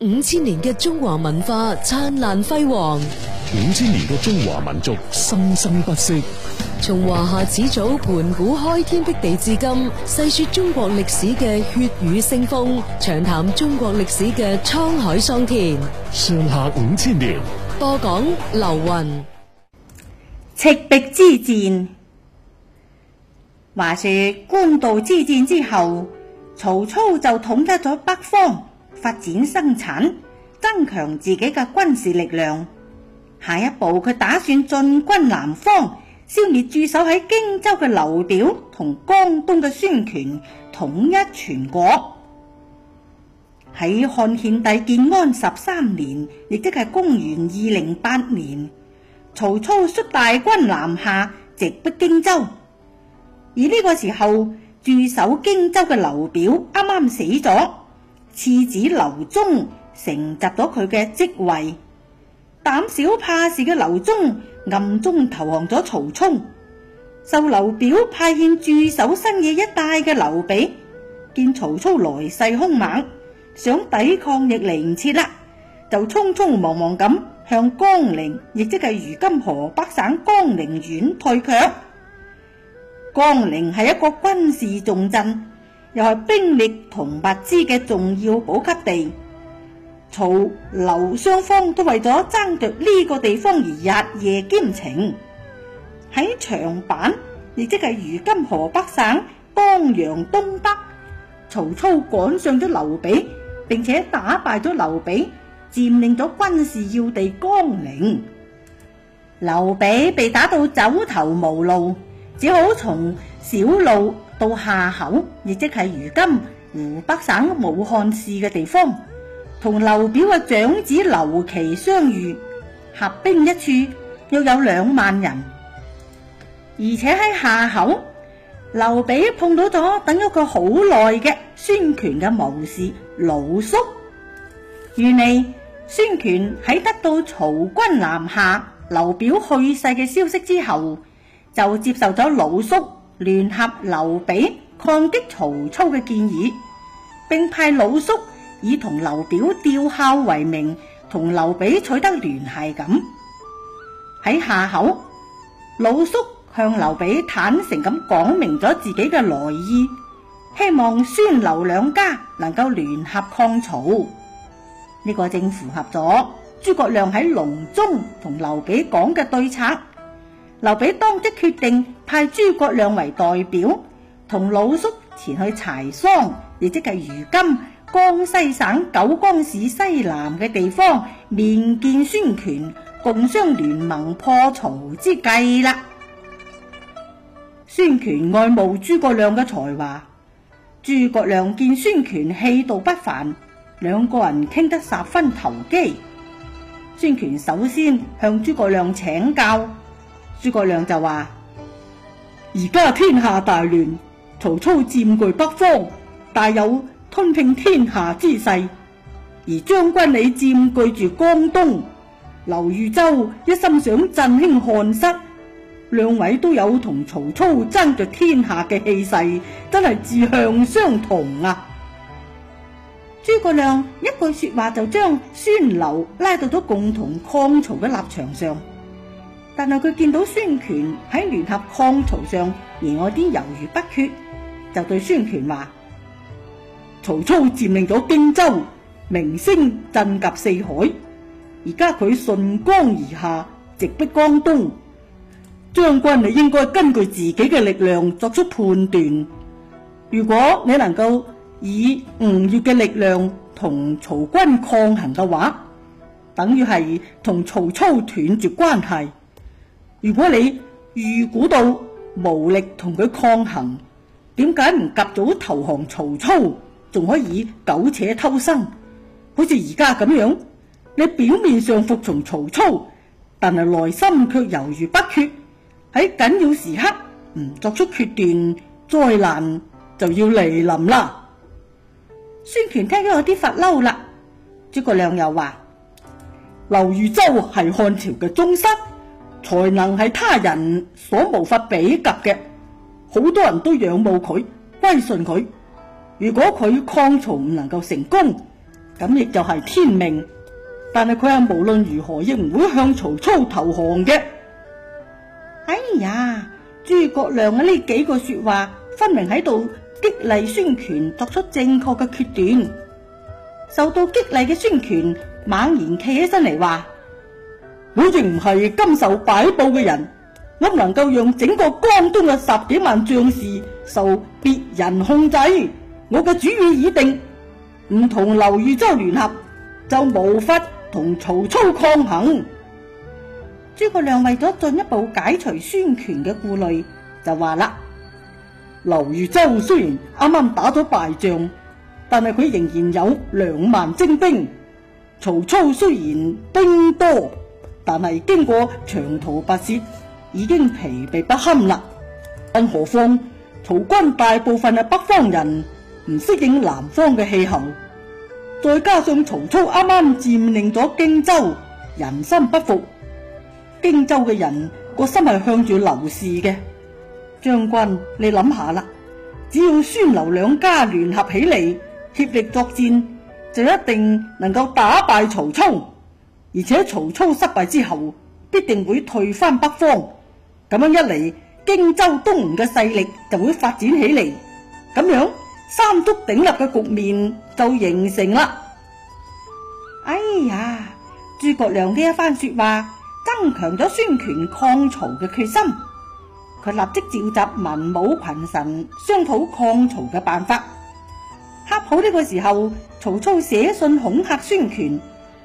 五千年嘅中華文化燦爛輝煌，五千年嘅中華民族生生不息。從華夏始祖盤古開天闢地至今，細說中國歷史嘅血雨腥風，長談中國歷史嘅滄海桑田。上下五千年，多講流雲。赤壁之戰，話說官渡之戰之後，曹操就統一咗北方。發展生產，增強自己嘅軍事力量。下一步，佢打算進軍南方，消滅駐守喺荊州嘅劉表同江東嘅孫權，統一全國。喺漢獻帝建安十三年，亦即係公元二零八年，曹操率大軍南下，直逼荊州。而呢個時候，駐守荊州嘅劉表啱啱死咗。次子劉琮承襲咗佢嘅職位，膽小怕事嘅劉琮暗中投降咗曹沖。受劉表派遣駐守新野一帶嘅劉備，見曹操來勢兇猛，想抵抗亦嚟唔切啦，就匆匆忙忙咁向江陵，亦即係如今河北省江陵縣退卻。江陵係一個軍事重鎮。又係兵力同物資嘅重要補給地，曹劉雙方都為咗爭奪呢個地方而日夜兼程。喺長板，亦即係如今河北省當陽東北，曹操趕上咗劉備，並且打敗咗劉備，佔領咗軍事要地江陵。劉備被打到走投無路，只好從小路。到夏口，亦即係如今湖北省武漢市嘅地方，同劉表嘅長子劉琦相遇，合兵一處，約有兩萬人。而且喺夏口，劉備碰到咗等咗佢好耐嘅孫權嘅謀士魯肅。原來，孫權喺得到曹軍南下、劉表去世嘅消息之後，就接受咗魯肅聯合劉備抗擊曹操嘅建議，並派魯肅以同劉表吊孝為名，同劉備取得聯繫。咁喺夏口，魯肅向劉備坦誠咁講明咗自己嘅來意，希望孫劉兩家能夠聯合抗曹。呢、這個正符合咗諸葛亮喺隆中同劉備講嘅對策。劉備當即決定派諸葛亮為代表，同魯肅前去柴桑，亦即係如今江西省九江市西南嘅地方，面見孫權，共商聯盟破曹之計啦。孫權愛慕諸葛亮嘅才華，諸葛亮見孫權氣度不凡，兩個人傾得十分投機。孫權首先向諸葛亮請教。諸葛亮就話：而家天下大亂，曹操占據北方，大有吞併天下之勢；而將軍你占據住江東，劉豫州一心想振興漢室，兩位都有同曹操爭奪天下嘅氣勢，真係志向相同啊！諸葛亮一句說話就將孫劉拉到咗共同抗曹嘅立場上。但係佢見到孫權喺聯合抗曹上，而有啲猶豫不決，就對孫權話：曹操占領咗荊州，名聲震及四海，而家佢順江而下，直逼江東。將軍你應該根據自己嘅力量作出判斷。如果你能夠以吳越嘅力量同曹軍抗衡嘅話，等於係同曹操斷絕關係。如果你預估到無力同佢抗衡，點解唔及早投降曹操，仲可以苟且偷生？好似而家咁樣，你表面上服從曹操，但係內心卻猶豫不決，喺緊要時刻唔作出決斷，災難就要嚟臨啦！孫權聽咗有啲發嬲啦，諸葛亮又話：劉豫州係漢朝嘅忠臣。才能係他人所無法比及嘅，好多人都仰慕佢、歸順佢。如果佢抗曹唔能夠成功，咁亦就係天命。但係佢係無論如何亦唔會向曹操投降嘅。哎呀，諸葛亮嘅呢幾個說話，分明喺度激勵孫權作出正確嘅決斷。受到激勵嘅孫權猛然企起身嚟話。我淨唔係今受擺布嘅人，我能夠讓整個江東嘅十幾萬將士受別人控制。我嘅主意已定，唔同劉豫州聯合就無法同曹操抗衡。諸葛亮為咗進一步解除孫權嘅顧慮，就話啦：劉豫州雖然啱啱打咗敗仗，但係佢仍然有兩萬精兵。曹操雖然兵多。但係經過長途跋涉，已經疲憊不堪啦。更何況曹軍大部分係北方人，唔適應南方嘅氣候，再加上曹操啱啱佔領咗荊州，人心不服。荊州嘅人個心係向住劉氏嘅，將軍你諗下啦，只要孫劉兩家聯合起嚟，協力作戰，就一定能夠打敗曹操。而且曹操失敗之後必定會退返北方，咁樣一嚟，荊州東吳嘅勢力就會發展起嚟，咁樣三足鼎立嘅局面就形成啦。哎呀，諸葛亮呢一番說話增強咗孫權抗曹嘅決心，佢立即召集文武群臣商討抗曹嘅辦法。恰好呢個時候，曹操寫信恐嚇孫權。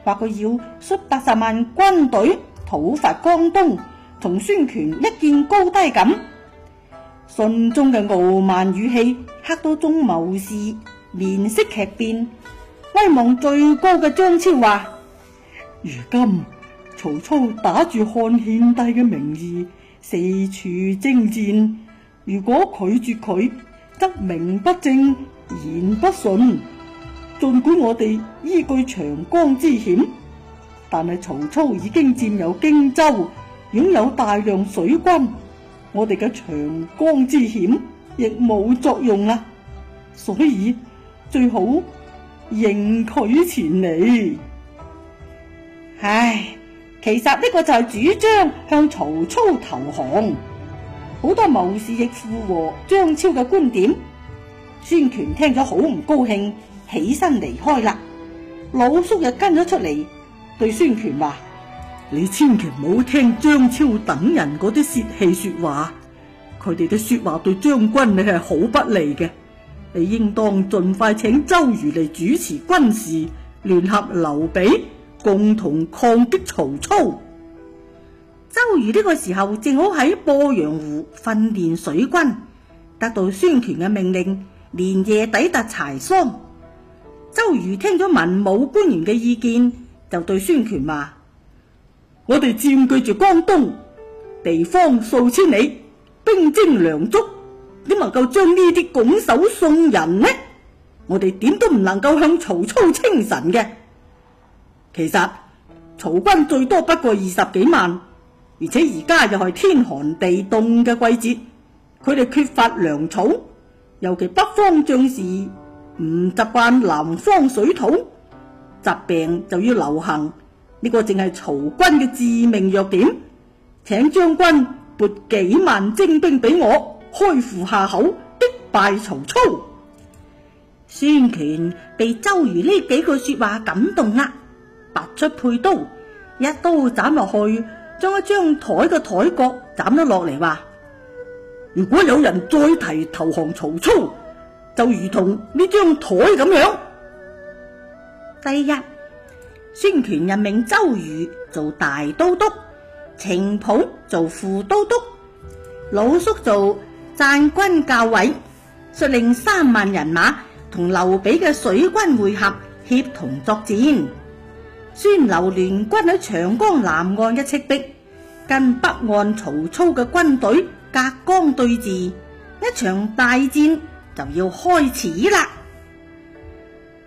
話佢要率八十萬軍隊討伐江東，同孫權一見高低咁。信中嘅傲慢語氣，嚇到眾謀士面色劇變。威望最高嘅張超話：如今曹操打住漢獻帝嘅名義四處征戰，如果拒絕佢，則名不正言不順。盡管我哋依據長江之險，但係曹操已經佔有荊州，擁有大量水軍，我哋嘅長江之險亦冇作用啦、啊。所以最好迎佢前嚟。唉，其實呢個就係主張向曹操投降。好多謀士亦附和張超嘅觀點。孫權聽咗好唔高興，起身離開啦，老叔又跟咗出嚟，對孫權話：你千祈唔好聽張超等人嗰啲泄氣說話，佢哋嘅說話對將軍你係好不利嘅。你應當盡快請周瑜嚟主持軍事，聯合劉備共同抗擊曹操。周瑜呢個時候正好喺鄱陽湖訓練水軍，得到孫權嘅命令，連夜抵達柴桑。周瑜聽咗文武官員嘅意見，就對孫權話：我哋佔據住江東，地方數千里，兵精糧足，點能夠將呢啲拱手送人呢？我哋點都唔能夠向曹操清臣稱臣嘅。其實曹軍最多不過二十幾萬，而且而家又係天寒地凍嘅季節，佢哋缺乏糧草，尤其北方將士。唔習慣南方水土，疾病就要流行。呢、呢個淨係曹軍嘅致命弱點。請將軍撥幾萬精兵俾我，開赴下口，擊敗曹操。孫權被周瑜呢幾句說話感動啦，拔出配刀，一刀斬落去，將一張台嘅台角斬咗落嚟，話：如果有人再提投降曹操。就如同呢張台咁樣。第一，孫權任命周瑜做大都督，程普做副都督，魯肅做贊軍教委，率領三萬人馬同劉備嘅水軍會合，協同作戰。孫劉聯軍喺長江南岸嘅赤壁，跟北岸曹操嘅軍隊隔江對峙，一場大戰。就要開始啦，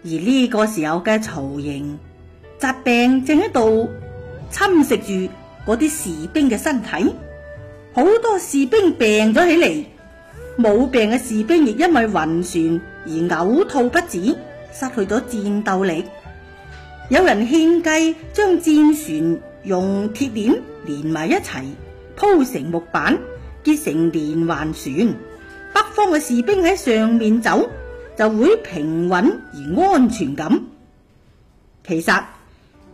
而呢個時候嘅曹營疾病正喺度侵蝕住嗰啲士兵嘅身體，好多士兵病咗起嚟，冇病嘅士兵亦因為暈船而嘔吐不止，失去咗戰鬥力。有人獻計將戰船用鐵鏈連埋一齊，鋪成木板，結成連環船。北方嘅士兵喺上面走就會平穩而安全感，其實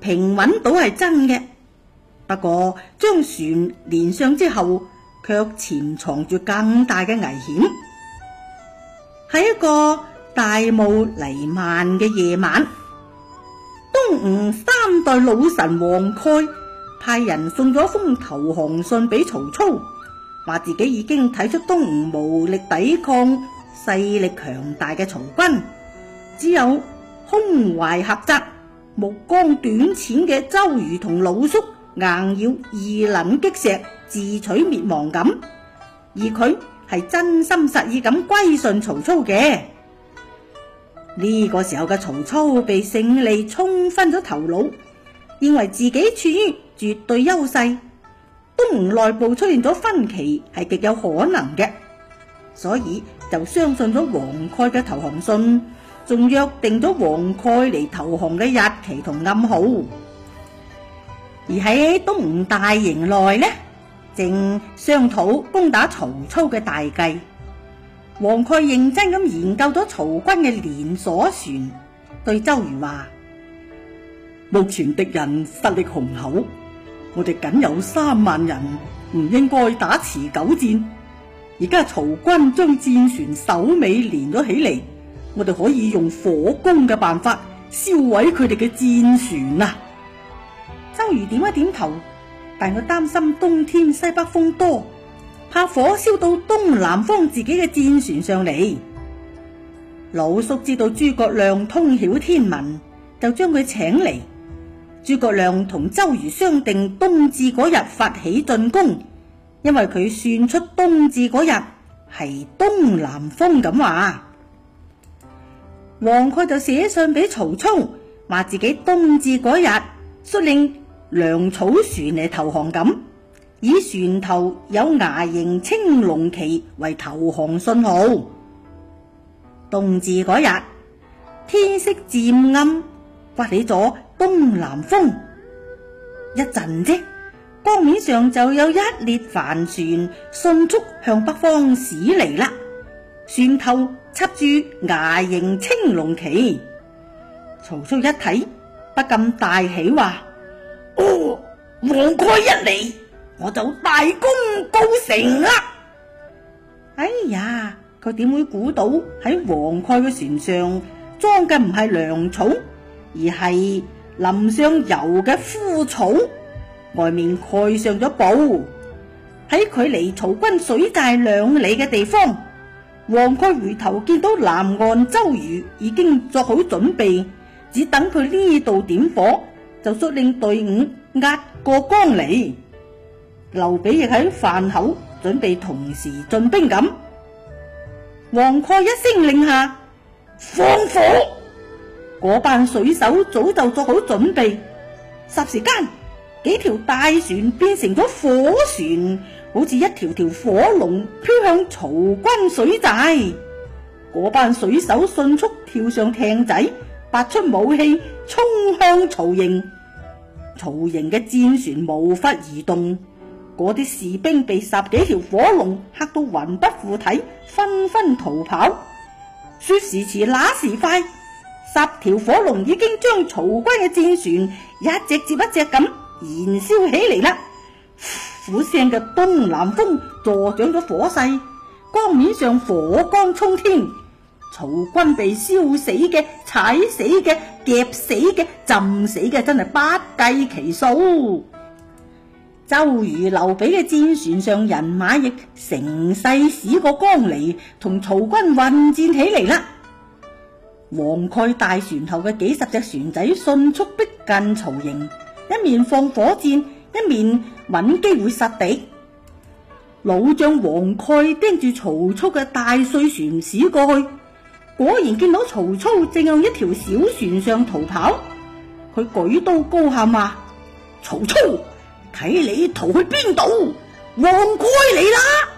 平穩倒係真嘅，不過將船連上之後，卻潛藏住更大嘅危險。喺一個大霧彌漫嘅夜晚，東吳三代老臣黃蓋派人送咗封投降信俾曹操。話自己已經睇出東吳無力抵抗勢力強大嘅曹軍，只有胸懷狹窄、目光短淺嘅周瑜同魯肅硬要以卵擊石，自取滅亡咁。而佢係真心實意咁歸順曹操嘅。呢、這個時候嘅曹操被勝利沖昏咗頭腦，認為自己處於絕對優勢。東吳內部出現咗分歧，係極有可能嘅，所以就相信咗黃蓋嘅投降信，仲約定咗黃蓋嚟投降嘅日期同暗號。而喺東吳大營內呢，正商討攻打曹操嘅大計。黃蓋認真咁研究咗曹軍嘅連鎖船，對周瑜話：目前敵人實力雄厚。我哋僅有三萬人，唔應該打持久戰。而家曹軍將戰船首尾連咗起嚟，我哋可以用火攻嘅辦法燒毀佢哋嘅戰船啊！周瑜點一點頭，但佢擔心冬天西北風多，怕火燒到東南方自己嘅戰船上嚟。老叔知道諸葛亮通曉天文，就將佢請嚟。諸葛亮同周瑜商定冬至嗰日發起進攻，因為佢算出冬至嗰日係東南風，咁話。黃蓋就寫信俾曹操，話自己冬至嗰日率領糧草船嚟投降，咁以船頭有牙形青龍旗為投降信號。冬至嗰日天色漸暗，發起咗。東南風一陣啫，江面上就有一列帆船迅速向北方駛嚟啦。船頭插住牙形青龍旗，曹操一睇，不禁大喜，話：哦，黃蓋一嚟，我就大功告成啦！哎呀，佢點會估到喺黃蓋嘅船上裝嘅唔係糧草，而係，淋上油嘅枯草，外面蓋上咗布，喺距離曹軍水寨兩里嘅地方，黃蓋回頭見到南岸周瑜已經作好準備，只等佢呢度點火，就率領隊伍壓過江嚟。劉備亦喺飯口準備同時進兵咁，黃蓋一聲令下，放火。嗰班水手早就做好準備，霎時間幾條大船變成咗火船，好似一條條火龍飄向曹軍水寨。嗰班水手迅速跳上艇仔，拔出武器衝向曹營。曹營嘅戰船無法移動，嗰啲士兵被十幾條火龍嚇到魂不附體，紛紛逃跑。說時遲，那時快。十條火龍已經將曹軍嘅戰船一隻接一隻咁燃燒起嚟啦！呼聲嘅東南風助長咗火勢，江面上火光衝天。曹軍被燒死嘅、踩死嘅、夾死嘅、浸死嘅，真係不計其數。周瑜、劉備嘅戰船上人馬亦乘勢使過江嚟，同曹軍混戰起嚟啦。黃蓋大船後嘅幾十隻船仔迅速逼近曹營，一面放火箭，一面搵機會殺敵。老將黃蓋盯住曹操嘅大帥船駛過去，果然見到曹操正向一條小船上逃跑。佢舉刀高喊，喊：啊，曹操，睇你逃去邊度？黃蓋嚟啦！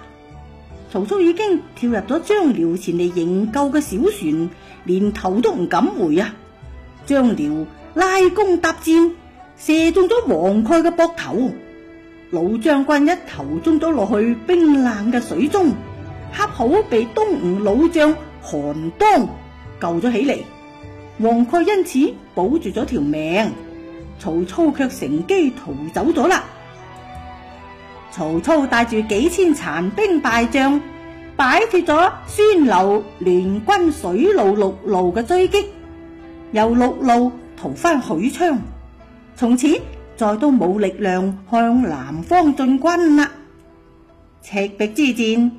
曹操已經跳入咗張遼前嚟營救嘅小船。連頭都唔敢回啊！張遼拉弓搭箭，射中咗黃蓋嘅膊頭，老將軍一頭衝咗落去冰冷嘅水中，恰好被東吳老將韓當救咗起嚟，黃蓋因此保住咗條命，曹操卻乘機逃走咗啦。曹操帶住幾千殘兵敗將。擺脫咗孫劉聯軍水路陸路嘅追擊，由陸路逃翻許昌，從此再都冇力量向南方進軍啦。赤壁之戰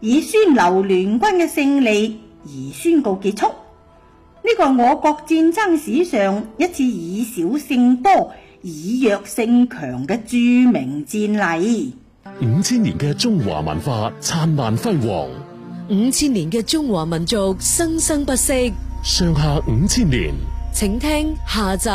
以孫劉聯軍嘅勝利而宣告結束，呢個係我國戰爭史上一次以少勝多、以弱勝強嘅著名戰例。五千年嘅中華文化燦爛輝煌，五千年嘅中華民族生生不息，上下五千年，請聽下集。